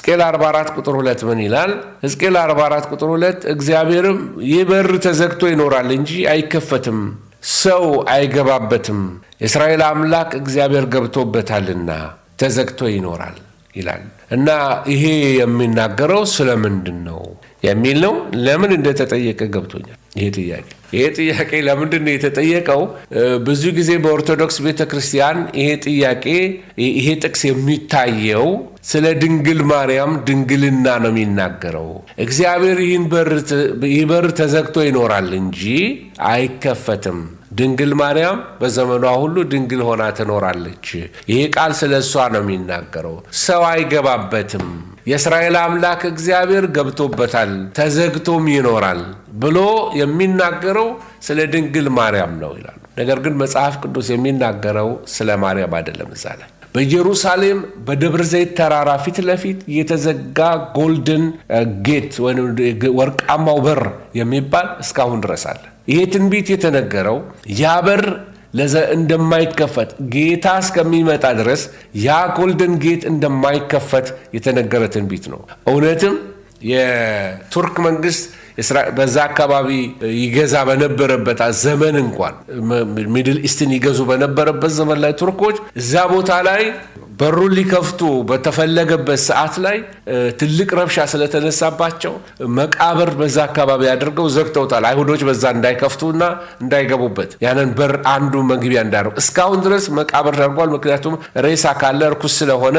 ሕዝቅኤል 44 ቁጥር 2 ምን ይላል? ሕዝቅኤል 44 ቁጥር 2 እግዚአብሔርም ይህ በር ተዘግቶ ይኖራል እንጂ አይከፈትም፣ ሰው አይገባበትም፣ የእስራኤል አምላክ እግዚአብሔር ገብቶበታልና ተዘግቶ ይኖራል ይላል እና ይሄ የሚናገረው ስለምንድን ነው የሚል ነው። ለምን እንደተጠየቀ ገብቶኛል ይሄ ጥያቄ። ይሄ ጥያቄ ለምንድን ነው የተጠየቀው? ብዙ ጊዜ በኦርቶዶክስ ቤተክርስቲያን ይሄ ጥያቄ ይሄ ጥቅስ የሚታየው ስለ ድንግል ማርያም ድንግልና ነው የሚናገረው። እግዚአብሔር ይህ በር ተዘግቶ ይኖራል እንጂ አይከፈትም። ድንግል ማርያም በዘመኗ ሁሉ ድንግል ሆና ትኖራለች። ይሄ ቃል ስለ እሷ ነው የሚናገረው። ሰው አይገባበትም። የእስራኤል አምላክ እግዚአብሔር ገብቶበታል፣ ተዘግቶም ይኖራል። ብሎ የሚናገረው ስለ ድንግል ማርያም ነው ይላሉ። ነገር ግን መጽሐፍ ቅዱስ የሚናገረው ስለ ማርያም አይደለም። እዛ ላይ በኢየሩሳሌም በደብረ ዘይት ተራራ ፊት ለፊት የተዘጋ ጎልደን ጌት ወይም ወርቃማው በር የሚባል እስካሁን ድረስ አለ። ይሄ ትንቢት የተነገረው ያ በር እንደማይከፈት ጌታ እስከሚመጣ ድረስ ያ ጎልደን ጌት እንደማይከፈት የተነገረ ትንቢት ነው። እውነትም የቱርክ መንግስት በዛ አካባቢ ይገዛ በነበረበት ዘመን እንኳን ሚድል ኢስትን ይገዙ በነበረበት ዘመን ላይ ቱርኮች እዛ ቦታ ላይ በሩን ሊከፍቱ በተፈለገበት ሰዓት ላይ ትልቅ ረብሻ ስለተነሳባቸው መቃብር በዛ አካባቢ አድርገው ዘግተውታል። አይሁዶች በዛ እንዳይከፍቱና እንዳይገቡበት ያንን በር አንዱ መግቢያ እንዳደረጉ እስካሁን ድረስ መቃብር ደርጓል። ምክንያቱም ሬሳ ካለ እርኩስ ስለሆነ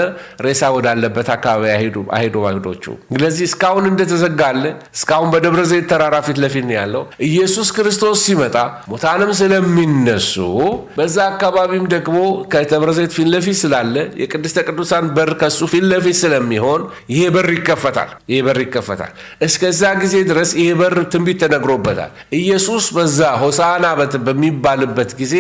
ሬሳ ወዳለበት አካባቢ አይሄዱ አይሁዶቹ። ስለዚህ እስካሁን እንደተዘጋለ እስካሁን በደብረ ዘይት ተራራ ፊት ለፊት ያለው። ኢየሱስ ክርስቶስ ሲመጣ ሙታንም ስለሚነሱ በዛ አካባቢም ደግሞ ከደብረ ዘይት ፊት ለፊት ስላለ የቅድስተ ቅዱሳን በር ከሱ ፊት ለፊት ስለሚሆን ይሄ በር ይከፈታል። ይሄ በር ይከፈታል። እስከዛ ጊዜ ድረስ ይሄ በር ትንቢት ተነግሮበታል። ኢየሱስ በዛ ሆሳና በሚባልበት ጊዜ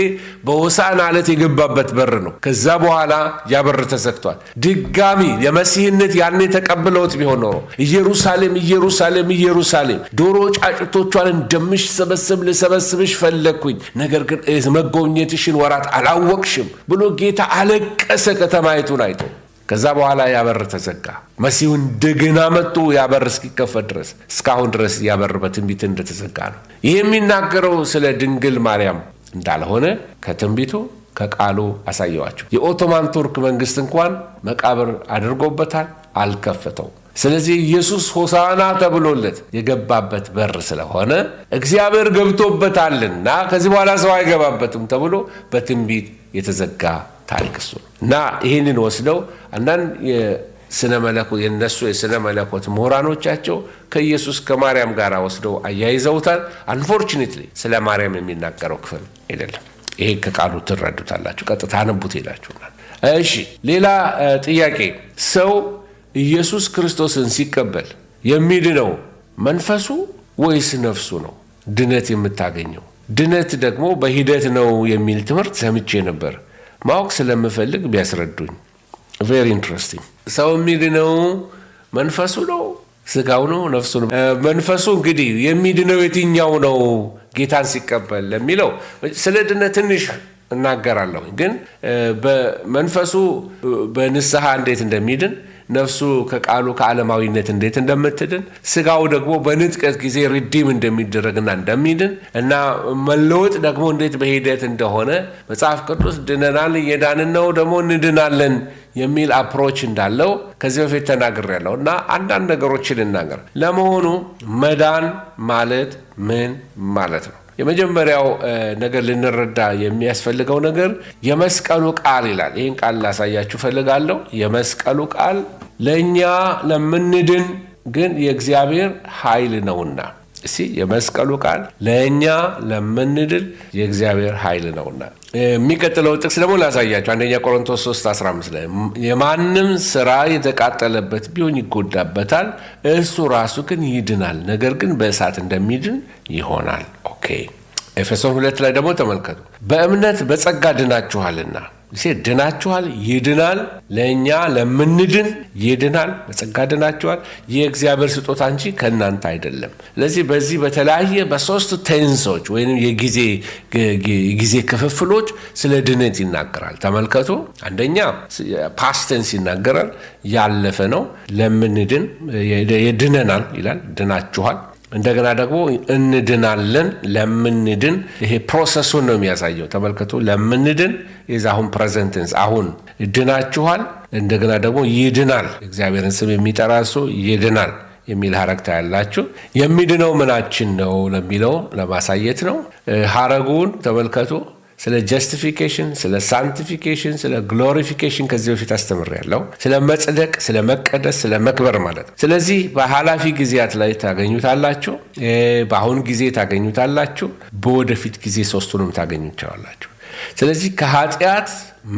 በሆሳና ዕለት የገባበት በር ነው። ከዛ በኋላ ያ በር ተዘግቷል። ድጋሚ የመሲህነት ያኔ ተቀብለውት ቢሆን ኖሮ ኢየሩሳሌም ኢየሩሳሌም ኢየሩሳሌም ዶሮ ጫጭቶቿን ሰበስብ ልሰበስብሽ ፈለግኩኝ፣ ነገር ግን መጎብኘትሽን ወራት አላወቅሽም ብሎ ጌታ አለቀሰ ከተማ ሰማይቱን አይቶ ከዛ በኋላ ያበር ተዘጋ። መሲሁ እንደገና መጡ። ያበር እስኪከፈት ድረስ እስካሁን ድረስ ያበር በትንቢት እንደተዘጋ ነው። ይህ የሚናገረው ስለ ድንግል ማርያም እንዳልሆነ ከትንቢቱ ከቃሉ አሳየዋቸው። የኦቶማን ቱርክ መንግስት እንኳን መቃብር አድርጎበታል፣ አልከፈተው። ስለዚህ ኢየሱስ ሆሳና ተብሎለት የገባበት በር ስለሆነ እግዚአብሔር ገብቶበታልና ከዚህ በኋላ ሰው አይገባበትም ተብሎ በትንቢት የተዘጋ ታሪክ እሱ ነው እና ይህንን ወስደው አንዳንድ የስነ መለኮ የነሱ የስነ መለኮት ምሁራኖቻቸው ከኢየሱስ ከማርያም ጋር ወስደው አያይዘውታል። አንፎርችኔትሊ ስለ ማርያም የሚናገረው ክፍል አይደለም። ይሄ ከቃሉ ትረዱታላችሁ። ቀጥታ አንቡት ሄዳችሁ። እሺ፣ ሌላ ጥያቄ። ሰው ኢየሱስ ክርስቶስን ሲቀበል የሚድነው መንፈሱ ወይስ ነፍሱ ነው ድነት የምታገኘው? ድነት ደግሞ በሂደት ነው የሚል ትምህርት ሰምቼ ነበር። ማወቅ ስለምፈልግ ቢያስረዱኝ። ቬሪ ኢንትረስቲንግ። ሰው የሚድነው መንፈሱ ነው ስጋው ነው ነፍሱ ነው? መንፈሱ እንግዲህ የሚድነው የትኛው ነው? ጌታን ሲቀበል ለሚለው ስለ ድነት ትንሽ እናገራለሁ፣ ግን በመንፈሱ በንስሐ እንዴት እንደሚድን ነፍሱ ከቃሉ ከዓለማዊነት እንዴት እንደምትድን ስጋው ደግሞ በንጥቀት ጊዜ ሪዲም እንደሚደረግና እንደሚድን እና መለወጥ ደግሞ እንዴት በሂደት እንደሆነ መጽሐፍ ቅዱስ ድነናል፣ እየዳንን ነው፣ ደግሞ እንድናለን የሚል አፕሮች እንዳለው ከዚህ በፊት ያለው እና አንዳንድ ነገሮችን እናገር። ለመሆኑ መዳን ማለት ምን ማለት ነው? የመጀመሪያው ነገር ልንረዳ የሚያስፈልገው ነገር የመስቀሉ ቃል ይላል። ይህን ቃል ላሳያችሁ ፈልጋለሁ። የመስቀሉ ቃል ለእኛ ለምንድን ግን የእግዚአብሔር ኃይል ነውና እ የመስቀሉ ቃል ለእኛ ለምንድን የእግዚአብሔር ኃይል ነውና። የሚቀጥለው ጥቅስ ደግሞ ላሳያቸው አንደኛ ቆሮንቶስ 3 15 ላይ የማንም ስራ የተቃጠለበት ቢሆን ይጎዳበታል፣ እሱ ራሱ ግን ይድናል፣ ነገር ግን በእሳት እንደሚድን ይሆናል። ኦኬ ኤፌሶን ሁለት ላይ ደግሞ ተመልከቱ። በእምነት በጸጋ ድናችኋልና ሴ ድናችኋል፣ ይድናል። ለእኛ ለምንድን ይድናል፣ በጸጋ ድናችኋል። የእግዚአብሔር ስጦታ እንጂ ከእናንተ አይደለም። ስለዚህ በዚህ በተለያየ በሶስት ቴንሶች ወይም የጊዜ ክፍፍሎች ስለ ድነት ይናገራል። ተመልከቱ። አንደኛ ፓስቴንስ ይናገራል፣ ያለፈ ነው። ለምንድን የድነናል ይላል፣ ድናችኋል እንደገና ደግሞ እንድናለን። ለምንድን ይሄ ፕሮሰሱን ነው የሚያሳየው። ተመልከቱ፣ ለምንድን የዛ አሁን ፕሬዘንትንስ አሁን ድናችኋል። እንደገና ደግሞ ይድናል። እግዚአብሔርን ስም የሚጠራ እሱ ይድናል የሚል ሀረግታ ያላችሁ የሚድነው ምናችን ነው ለሚለው ለማሳየት ነው። ሀረጉን ተመልከቱ። ስለ ጀስቲፊኬሽን፣ ስለ ሳንቲፊኬሽን፣ ስለ ግሎሪፊኬሽን ከዚህ በፊት ያለው ስለ መጽደቅ፣ ስለ መቀደስ፣ ስለ መክበር ማለት ነው። ስለዚህ በኃላፊ ጊዜያት ላይ ታገኙታላችሁ፣ በአሁን ጊዜ ታገኙታላችሁ፣ በወደፊት ጊዜ ሶስቱንም ታገኙቸዋላችሁ። ስለዚህ ከኃጢአት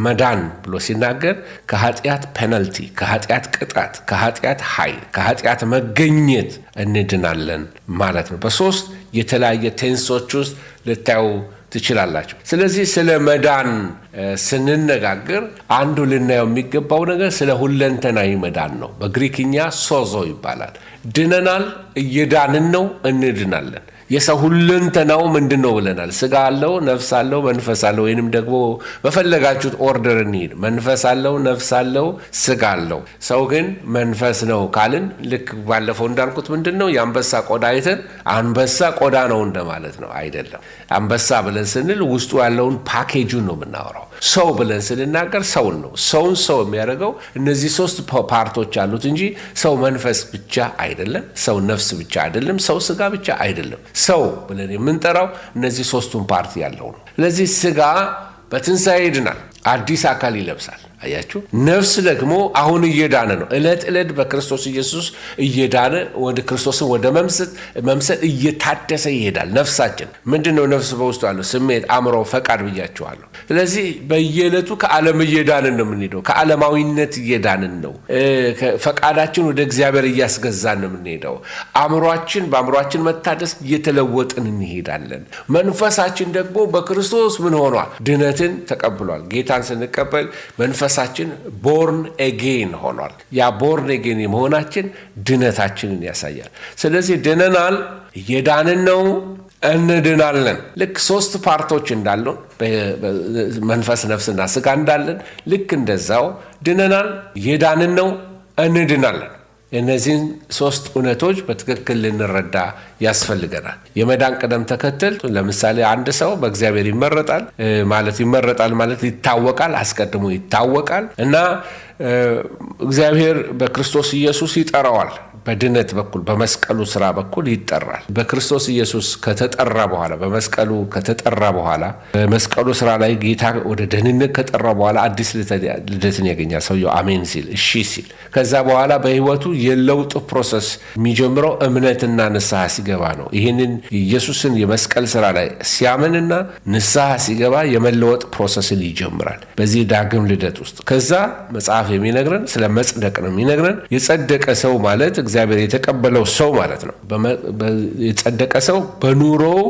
መዳን ብሎ ሲናገር ከኃጢአት ፔናልቲ፣ ከኃጢአት ቅጣት፣ ከኃጢአት ኃይል፣ ከኃጢአት መገኘት እንድናለን ማለት ነው። በሶስት የተለያየ ቴንሶች ውስጥ ልታዩ ትችላላችሁ። ስለዚህ ስለ መዳን ስንነጋገር አንዱ ልናየው የሚገባው ነገር ስለ ሁለንተናዊ መዳን ነው። በግሪክኛ ሶዞ ይባላል። ድነናል፣ እየዳንን ነው፣ እንድናለን። የሰው ሁለንተናው ምንድን ነው ብለናል? ስጋ አለው፣ ነፍስ አለው፣ መንፈስ አለው። ወይንም ደግሞ በፈለጋችሁት ኦርደር እንሂድ። መንፈስ አለው፣ ነፍስ አለው፣ ስጋ አለው። ሰው ግን መንፈስ ነው ካልን ልክ ባለፈው እንዳልኩት ምንድን ነው የአንበሳ ቆዳ አይተን አንበሳ ቆዳ ነው እንደማለት ነው አይደለም። አንበሳ ብለን ስንል ውስጡ ያለውን ፓኬጁን ነው የምናወራው። ሰው ብለን ስንናገር ሰውን ነው። ሰውን ሰው የሚያደርገው እነዚህ ሶስት ፓርቶች አሉት እንጂ ሰው መንፈስ ብቻ አይደለም፣ ሰው ነፍስ ብቻ አይደለም፣ ሰው ስጋ ብቻ አይደለም። ሰው ብለን የምንጠራው እነዚህ ሶስቱን ፓርቲ ያለው ነው። ስለዚህ ስጋ በትንሣኤ ይድናል፣ አዲስ አካል ይለብሳል። አያችሁ፣ ነፍስ ደግሞ አሁን እየዳነ ነው። ዕለት ዕለት በክርስቶስ ኢየሱስ እየዳነ ወደ ክርስቶስን ወደ መምሰል እየታደሰ ይሄዳል። ነፍሳችን ምንድን ነው? ነፍስ በውስጡ አለው ስሜት፣ አእምሮ፣ ፈቃድ ብያችኋለሁ። ስለዚህ በየዕለቱ ከዓለም እየዳንን ነው የምንሄደው። ከዓለማዊነት እየዳንን ነው። ፈቃዳችን ወደ እግዚአብሔር እያስገዛን ነው የምንሄደው። አእምሯችን በአእምሯችን መታደስ እየተለወጥን እንሄዳለን። መንፈሳችን ደግሞ በክርስቶስ ምን ሆኗል? ድነትን ተቀብሏል። ጌታን ስንቀበል መንፈስ መንፈሳችን ቦርን ኤጌን ሆኗል። ያ ቦርን ኤጌን የመሆናችን ድነታችንን ያሳያል። ስለዚህ ድነናል፣ እየዳንን ነው፣ እንድናለን። ልክ ሶስት ፓርቶች እንዳሉን መንፈስ፣ ነፍስና ስጋ እንዳለን ልክ እንደዛው ድነናል፣ እየዳንን ነው፣ እንድናለን። እነዚህን ሶስት እውነቶች በትክክል ልንረዳ ያስፈልገናል። የመዳን ቅደም ተከተል ለምሳሌ አንድ ሰው በእግዚአብሔር ይመረጣል ማለት ይመረጣል ማለት ይታወቃል፣ አስቀድሞ ይታወቃል እና እግዚአብሔር በክርስቶስ ኢየሱስ ይጠራዋል በድነት በኩል በመስቀሉ ስራ በኩል ይጠራል። በክርስቶስ ኢየሱስ ከተጠራ በኋላ በመስቀሉ ከተጠራ በኋላ በመስቀሉ ስራ ላይ ጌታ ወደ ደህንነት ከጠራ በኋላ አዲስ ልደትን ያገኛል ሰውየው አሜን ሲል እሺ ሲል። ከዛ በኋላ በህይወቱ የለውጥ ፕሮሰስ የሚጀምረው እምነትና ንስሐ ሲገባ ነው። ይህንን ኢየሱስን የመስቀል ስራ ላይ ሲያምንና ንስሐ ሲገባ የመለወጥ ፕሮሰስን ይጀምራል በዚህ ዳግም ልደት ውስጥ። ከዛ መጽሐፍ የሚነግረን ስለ መጽደቅ ነው የሚነግረን የጸደቀ ሰው ማለት እግዚአብሔር የተቀበለው ሰው ማለት ነው። የጸደቀ ሰው በኑሮው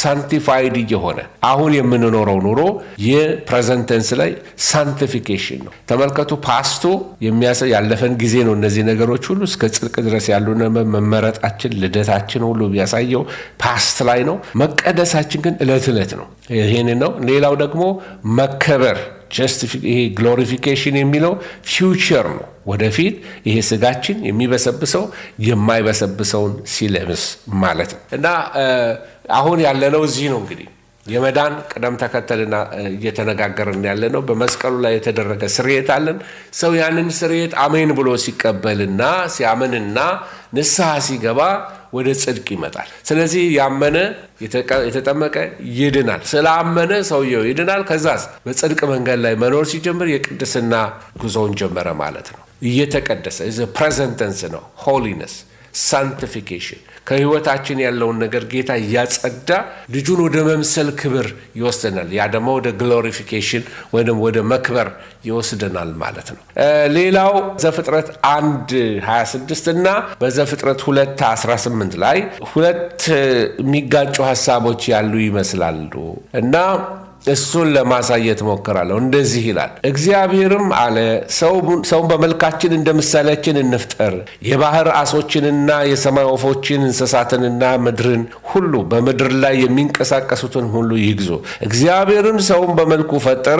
ሳንቲፋይድ እየሆነ አሁን የምንኖረው ኑሮ የፕሬዘንተንስ ላይ ሳንቲፊኬሽን ነው። ተመልከቱ ፓስቶ የሚያሳይ ያለፈን ጊዜ ነው። እነዚህ ነገሮች ሁሉ እስከ ጽድቅ ድረስ ያሉ መመረጣችን፣ ልደታችን ሁሉ የሚያሳየው ፓስት ላይ ነው። መቀደሳችን ግን እለት እለት ነው። ይህን ነው። ሌላው ደግሞ መከበር ይሄ ግሎሪፊኬሽን የሚለው ፊውቸር ነው። ወደፊት ይሄ ስጋችን የሚበሰብሰው የማይበሰብሰውን ሲለብስ ማለት ነው እና አሁን ያለነው እዚህ ነው እንግዲህ የመዳን ቅደም ተከተልና እየተነጋገርን ያለ ነው። በመስቀሉ ላይ የተደረገ ስርየት አለን። ሰው ያንን ስርየት አሜን ብሎ ሲቀበልና ሲያምንና ንስሐ ሲገባ ወደ ጽድቅ ይመጣል። ስለዚህ ያመነ የተጠመቀ ይድናል። ስላመነ ሰውየው ይድናል። ከዛስ በጽድቅ መንገድ ላይ መኖር ሲጀምር የቅድስና ጉዞውን ጀመረ ማለት ነው። እየተቀደሰ ፕሬዘንተንስ ነው ሆሊነስ ሳንቲፊኬሽን ከህይወታችን ያለውን ነገር ጌታ እያጸዳ ልጁን ወደ መምሰል ክብር ይወስደናል። ያ ደግሞ ወደ ግሎሪፊኬሽን ወይም ወደ መክበር ይወስደናል ማለት ነው። ሌላው ዘፍጥረት 1 26 እና በዘፍጥረት 2 18 ላይ ሁለት የሚጋጩ ሀሳቦች ያሉ ይመስላሉ እና እሱን ለማሳየት ሞክራለሁ። እንደዚህ ይላል፣ እግዚአብሔርም አለ ሰውን በመልካችን እንደ ምሳሌያችን እንፍጠር፣ የባህር አሶችንና የሰማይ ወፎችን እንስሳትንና ምድርን ሁሉ በምድር ላይ የሚንቀሳቀሱትን ሁሉ ይግዙ። እግዚአብሔርም ሰውን በመልኩ ፈጠረ፣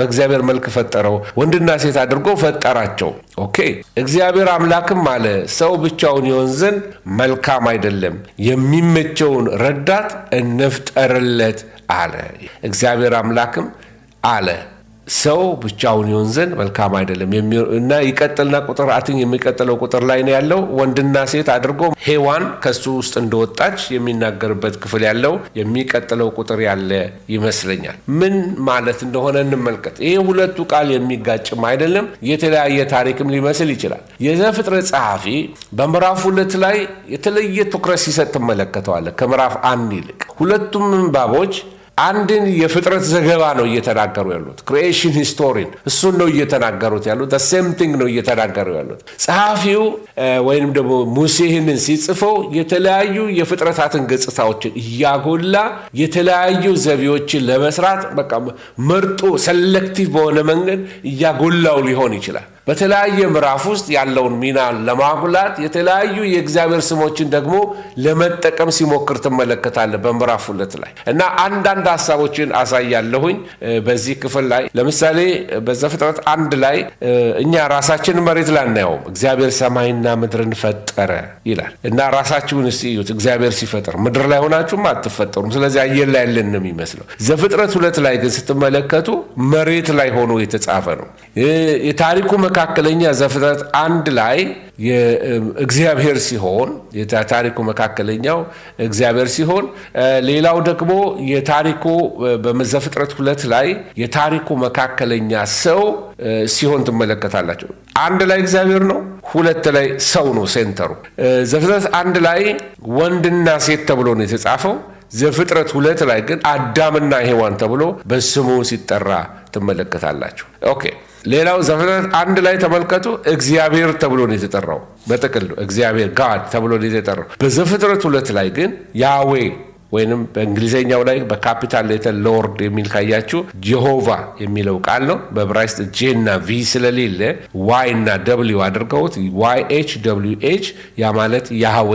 በእግዚአብሔር መልክ ፈጠረው፣ ወንድና ሴት አድርጎ ፈጠራቸው። ኦኬ። እግዚአብሔር አምላክም አለ ሰው ብቻውን ይሆን ዘንድ መልካም አይደለም፣ የሚመቸውን ረዳት እንፍጠርለት አለ። እግዚአብሔር አምላክም አለ ሰው ብቻውን ይሆን ዘንድ መልካም አይደለም እና ይቀጥልና ቁጥር አትኝ የሚቀጥለው ቁጥር ላይ ነው ያለው። ወንድና ሴት አድርጎ ሔዋን ከሱ ውስጥ እንደወጣች የሚናገርበት ክፍል ያለው የሚቀጥለው ቁጥር ያለ ይመስለኛል። ምን ማለት እንደሆነ እንመልከት። ይሄ ሁለቱ ቃል የሚጋጭም አይደለም፣ የተለያየ ታሪክም ሊመስል ይችላል። የዘፍጥረት ጸሐፊ በምዕራፍ ሁለት ላይ የተለየ ትኩረት ሲሰጥ ትመለከተዋለ ከምዕራፍ አንድ ይልቅ ሁለቱም ምንባቦች አንድን የፍጥረት ዘገባ ነው እየተናገሩ ያሉት። ክሪኤሽን ሂስቶሪን እሱን ነው እየተናገሩት ያሉት። ሴም ቲንግ ነው እየተናገሩ ያሉት። ጸሐፊው ወይም ደግሞ ሙሴ ይህንን ሲጽፈው የተለያዩ የፍጥረታትን ገጽታዎችን እያጎላ የተለያዩ ዘቢዎችን ለመስራት በቃ መርጦ ሰለክቲቭ በሆነ መንገድ እያጎላው ሊሆን ይችላል። በተለያየ ምዕራፍ ውስጥ ያለውን ሚና ለማጉላት የተለያዩ የእግዚአብሔር ስሞችን ደግሞ ለመጠቀም ሲሞክር ትመለከታለ በምዕራፍ ሁለት ላይ እና አንዳንድ ሀሳቦችን አሳያለሁኝ በዚህ ክፍል ላይ ለምሳሌ በዘፍጥረት አንድ ላይ እኛ ራሳችን መሬት ላይ አናየውም እግዚአብሔር ሰማይና ምድርን ፈጠረ ይላል እና ራሳችሁን እስቲ እዩት እግዚአብሔር ሲፈጥር ምድር ላይ ሆናችሁም አትፈጠሩም ስለዚህ አየር ላይ ያለን ነው የሚመስለው ዘፍጥረት ሁለት ላይ ግን ስትመለከቱ መሬት ላይ ሆኖ የተጻፈ ነው የታሪኩ መካከለኛ ዘፍጥረት አንድ ላይ እግዚአብሔር ሲሆን የታሪኩ መካከለኛው እግዚአብሔር ሲሆን፣ ሌላው ደግሞ የታሪኩ በዘፍጥረት ሁለት ላይ የታሪኩ መካከለኛ ሰው ሲሆን ትመለከታላቸው። አንድ ላይ እግዚአብሔር ነው፣ ሁለት ላይ ሰው ነው ሴንተሩ። ዘፍጥረት አንድ ላይ ወንድና ሴት ተብሎ ነው የተጻፈው። ዘፍጥረት ሁለት ላይ ግን አዳምና ሔዋን ተብሎ በስሙ ሲጠራ ትመለከታላችሁ። ኦኬ ሌላው ዘፍጥረት አንድ ላይ ተመልከቱ። እግዚአብሔር ተብሎ ነው የተጠራው። በጥቅሉ እግዚአብሔር ጋድ ተብሎ ነው የተጠራው። በዘፍጥረት ሁለት ላይ ግን ያዌ ወይንም በእንግሊዝኛው ላይ በካፒታል ሌተር ሎርድ የሚል ካያችሁ ጀሆቫ የሚለው ቃል ነው። በብራይስጥ ጄ እና ቪ ስለሌለ ዋይ እና ደብሊው አድርገውት ዋይ ኤች ደብሊው ኤች ያ ማለት ያህዌ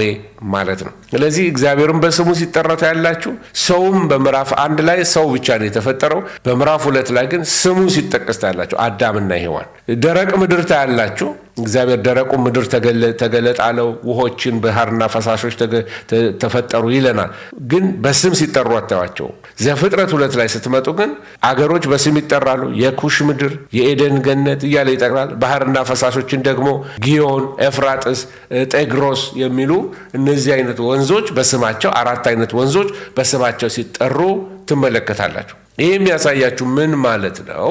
ማለት ነው። ስለዚህ እግዚአብሔርን በስሙ ሲጠራ ያላችሁ ሰውም በምዕራፍ አንድ ላይ ሰው ብቻ ነው የተፈጠረው። በምዕራፍ ሁለት ላይ ግን ስሙ ሲጠቀስ ታያላችሁ፣ አዳምና ሔዋን። ደረቅ ምድር ታያላችሁ እግዚአብሔር ደረቁ ምድር ተገለጠ አለው። ውሆችን ባህርና ፈሳሾች ተፈጠሩ ይለናል። ግን በስም ሲጠሩ አታቸው ዘፍጥረት ሁለት ላይ ስትመጡ ግን አገሮች በስም ይጠራሉ። የኩሽ ምድር፣ የኤደን ገነት እያለ ይጠቅላል። ባህርና ፈሳሾችን ደግሞ ጊዮን፣ ኤፍራጥስ፣ ጤግሮስ የሚሉ እነዚህ አይነት ወንዞች በስማቸው አራት አይነት ወንዞች በስማቸው ሲጠሩ ትመለከታላችሁ። ይህ የሚያሳያችሁ ምን ማለት ነው?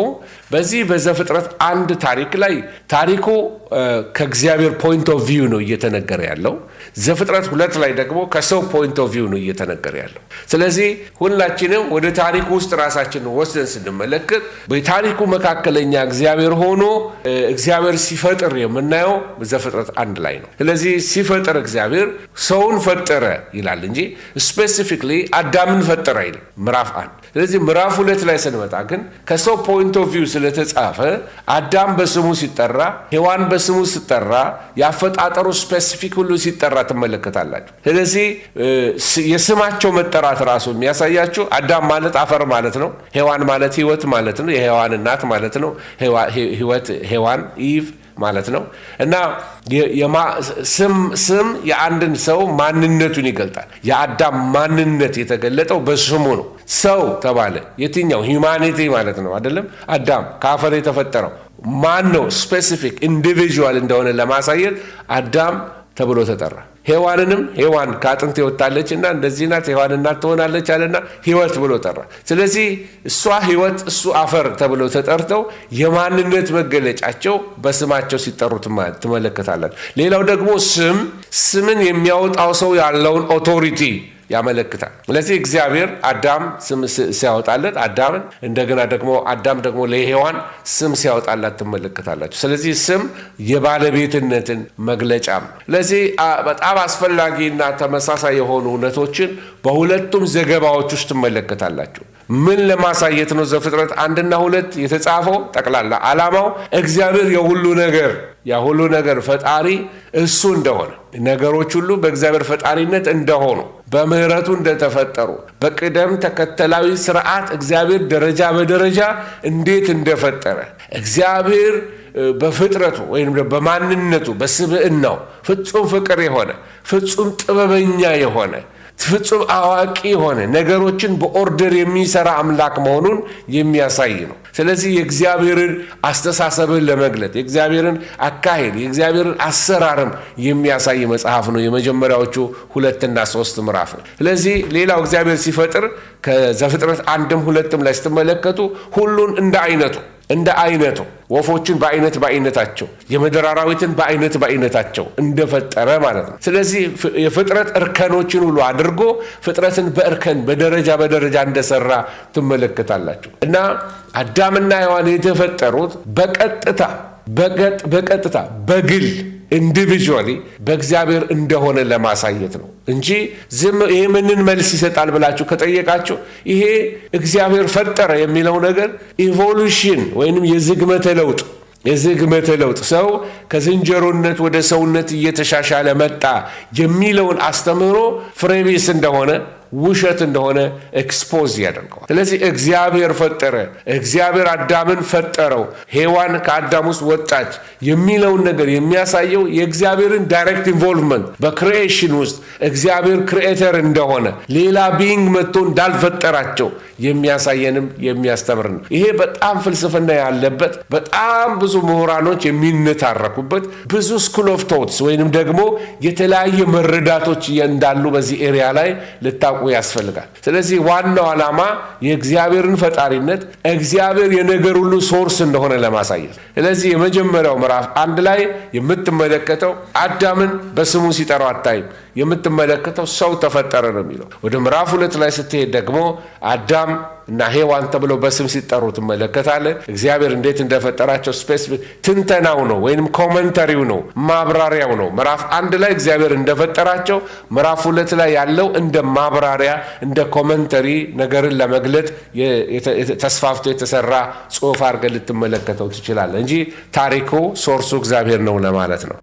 በዚህ በዘፍጥረት አንድ ታሪክ ላይ ታሪኩ ከእግዚአብሔር ፖይንት ኦፍ ቪው ነው እየተነገረ ያለው። ዘፍጥረት ሁለት ላይ ደግሞ ከሰው ፖይንት ኦፍ ቪው ነው እየተነገረ ያለው። ስለዚህ ሁላችንም ወደ ታሪኩ ውስጥ ራሳችን ወስደን ስንመለከት በታሪኩ መካከለኛ እግዚአብሔር ሆኖ እግዚአብሔር ሲፈጥር የምናየው ዘፍጥረት አንድ ላይ ነው። ስለዚህ ሲፈጥር እግዚአብሔር ሰውን ፈጠረ ይላል እንጂ ስፔሲፊክሊ አዳምን ፈጠረ አይልም ምዕራፍ አንድ። ስለዚህ ምዕራፍ ሁለት ላይ ስንመጣ ግን ከሰው ፖይንት ኦፍ ቪው ስለተጻፈ አዳም በስሙ ሲጠራ፣ ሔዋን በስሙ ሲጠራ፣ የአፈጣጠሩ ስፔሲፊክ ሁሉ ሲጠራ ትመለከታላችሁ። ስለዚህ የስማቸው መጠራት ራሱ የሚያሳያችሁ አዳም ማለት አፈር ማለት ነው። ሔዋን ማለት ህይወት ማለት ነው። የሔዋን እናት ማለት ነው። ህይወት ሔዋን ኢቭ ማለት ነው እና ስም የአንድን ሰው ማንነቱን ይገልጣል። የአዳም ማንነት የተገለጠው በስሙ ነው። ሰው ተባለ የትኛው ሂውማኒቲ ማለት ነው አይደለም? አዳም ከአፈር የተፈጠረው ማን ነው? ስፔሲፊክ ኢንዲቪዥዋል እንደሆነ ለማሳየት አዳም ተብሎ ተጠራ። ሔዋንንም ሔዋን ከአጥንት ይወጣለች እና እንደዚህ ናት ሔዋን እናት ትሆናለች አለና ህይወት ብሎ ጠራ። ስለዚህ እሷ ህይወት እሱ አፈር ተብለው ተጠርተው የማንነት መገለጫቸው በስማቸው ሲጠሩ ትመለከታለን። ሌላው ደግሞ ስም ስምን የሚያወጣው ሰው ያለውን ኦቶሪቲ ያመለክታል። ስለዚህ እግዚአብሔር አዳም ስም ሲያወጣለት አዳምን እንደገና ደግሞ አዳም ደግሞ ለሔዋን ስም ሲያወጣላት ትመለከታላችሁ። ስለዚህ ስም የባለቤትነትን መግለጫም ስለዚህ በጣም አስፈላጊና ተመሳሳይ የሆኑ እውነቶችን በሁለቱም ዘገባዎች ውስጥ ትመለከታላችሁ። ምን ለማሳየት ነው? ዘፍጥረት አንድና ሁለት የተጻፈው ጠቅላላ ዓላማው እግዚአብሔር የሁሉ ነገር ያ ሁሉ ነገር ፈጣሪ እሱ እንደሆነ ነገሮች ሁሉ በእግዚአብሔር ፈጣሪነት እንደሆኑ በምሕረቱ እንደተፈጠሩ በቅደም ተከተላዊ ስርዓት እግዚአብሔር ደረጃ በደረጃ እንዴት እንደፈጠረ እግዚአብሔር በፍጥረቱ ወይም በማንነቱ በስብዕናው ፍጹም ፍቅር የሆነ ፍጹም ጥበበኛ የሆነ ፍጹም አዋቂ የሆነ ነገሮችን በኦርደር የሚሰራ አምላክ መሆኑን የሚያሳይ ነው። ስለዚህ የእግዚአብሔርን አስተሳሰብን ለመግለጥ የእግዚአብሔርን አካሄድ የእግዚአብሔርን አሰራርም የሚያሳይ መጽሐፍ ነው የመጀመሪያዎቹ ሁለትና ሶስት ምዕራፍ ነው። ስለዚህ ሌላው እግዚአብሔር ሲፈጥር ከዘፍጥረት አንድም ሁለትም ላይ ስትመለከቱ ሁሉን እንደ አይነቱ እንደ አይነቱ ወፎችን በአይነት በአይነታቸው የምድር አራዊትን በአይነት በአይነታቸው እንደፈጠረ ማለት ነው። ስለዚህ የፍጥረት እርከኖችን ሁሉ አድርጎ ፍጥረትን በእርከን በደረጃ በደረጃ እንደሰራ ትመለከታላችሁ እና አዳምና ሔዋን የተፈጠሩት በቀጥታ በቀጥታ በግል ኢንዲቪዥዋሊ በእግዚአብሔር እንደሆነ ለማሳየት ነው እንጂ ዝም ምንን መልስ ይሰጣል ብላችሁ ከጠየቃችሁ ይሄ እግዚአብሔር ፈጠረ የሚለው ነገር ኢቮሉሽን ወይንም የዝግመተ ለውጥ የዝግመተ ለውጥ ሰው ከዝንጀሮነት ወደ ሰውነት እየተሻሻለ መጣ የሚለውን አስተምህሮ ፍሬቢስ እንደሆነ ውሸት እንደሆነ ኤክስፖዝ ያደርገዋል። ስለዚህ እግዚአብሔር ፈጠረ፣ እግዚአብሔር አዳምን ፈጠረው፣ ሔዋን ከአዳም ውስጥ ወጣች የሚለውን ነገር የሚያሳየው የእግዚአብሔርን ዳይሬክት ኢንቮልቭመንት በክሪኤሽን ውስጥ እግዚአብሔር ክሪኤተር እንደሆነ ሌላ ቢይንግ መጥቶ እንዳልፈጠራቸው የሚያሳየንም የሚያስተምር ነው። ይሄ በጣም ፍልስፍና ያለበት በጣም ብዙ ምሁራኖች የሚነታረኩበት ብዙ ስኩል ኦፍ ቶትስ ወይንም ደግሞ የተለያየ መረዳቶች እንዳሉ በዚህ ኤሪያ ላይ ልታውቁ ማወቁ ያስፈልጋል። ስለዚህ ዋናው ዓላማ የእግዚአብሔርን ፈጣሪነት እግዚአብሔር የነገር ሁሉ ሶርስ እንደሆነ ለማሳየት። ስለዚህ የመጀመሪያው ምዕራፍ አንድ ላይ የምትመለከተው አዳምን በስሙ ሲጠራው አታይም፣ የምትመለከተው ሰው ተፈጠረ ነው የሚለው። ወደ ምዕራፍ ሁለት ላይ ስትሄድ ደግሞ አዳም እና ሔዋን ተብለው በስም ሲጠሩ ትመለከታለን እግዚአብሔር እንዴት እንደፈጠራቸው ስፔስ ትንተናው ነው ወይም ኮመንተሪው ነው ማብራሪያው ነው። ምዕራፍ አንድ ላይ እግዚአብሔር እንደፈጠራቸው፣ ምዕራፍ ሁለት ላይ ያለው እንደ ማብራሪያ እንደ ኮመንተሪ ነገርን ለመግለጥ ተስፋፍቶ የተሰራ ጽሑፍ አድርገን ልትመለከተው ትችላለህ እንጂ ታሪኩ ሶርሱ እግዚአብሔር ነው ለማለት ነው።